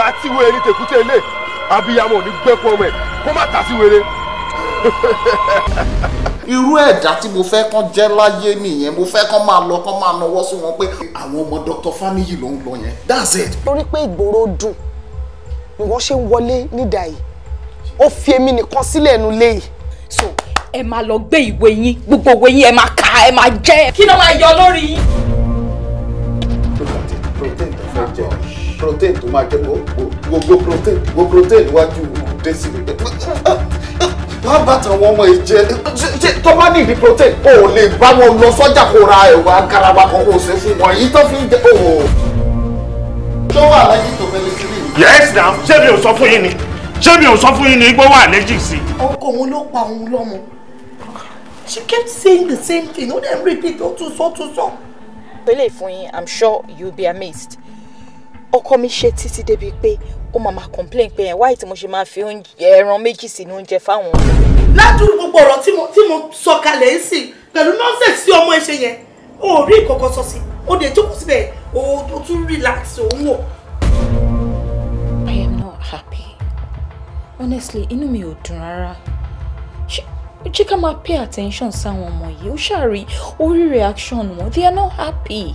ta tí wèrè abiyamọ ò ní gbẹ́kú kó má ta irú ẹ̀dá tí mo fẹ́ kán jẹ́ láyé nìyẹn mo fẹ́ kán máa lọ kán máa nawọ́ sí wọn pé àwọn ọmọ Dr. Faniyi ló ń lọ yẹn that's it. torí pé ìgboro dùn ni wọ́n ṣe ń wọlé nídàá yìí ó fi èmi nìkan sílẹ̀ nu léyìí. so ẹ máa lọ gbé ìwé yín gbogbo ìwé yín ẹ máa kà ẹ máa jẹ kí ló máa yọ lórí yín. protein tó máa jẹ gbogbo protein gbogbo protein níwájú desi rẹ má bàtà àwọn ọmọ yìí jẹ tó bá ní ìdí protein o ò lè bá wọn lọ sọ́jà kó ra ẹ̀wà garaba kan kó o ṣe fún wọn yìí tó fi ń jẹ o. tó wà lẹ́yìn tó fẹ́lẹ́ sí mi. yes na ṣé mi ò sọ fún yín ni ṣé mi ò sọ fún yín ni igbó wà allergic sí. ọkọ òun ló pa òun lọ́mọ she kept saying the same thing ó dẹ̀ repeat ó tún so tún so. pẹ̀lẹ́ fún yín i'm sure you'll be amazed ọkọ mi ṣe títí débi pé ó máa máa complain pé ẹ̀ wáyé tí mo ṣe máa fi ẹran méjì sínú oúnjẹ fáwọn. ládùúgbò gbogbo ọ̀rọ̀ tí mo tí mo sọ kalẹ̀ ń sìn pẹ̀lú nọ́ọ̀sẹ̀sì tí ọmọ ẹ ṣe yẹn o rí ìkọ̀kọ̀ sọ sí o dé jókòó síbẹ̀ o tún relax òun wò. I am not happy honestly inú mi ò dùn rárá jẹ́ ká máa pay attention sáwọn ọmọ yìí ó ṣàrí orí reaction wọn they are not happy.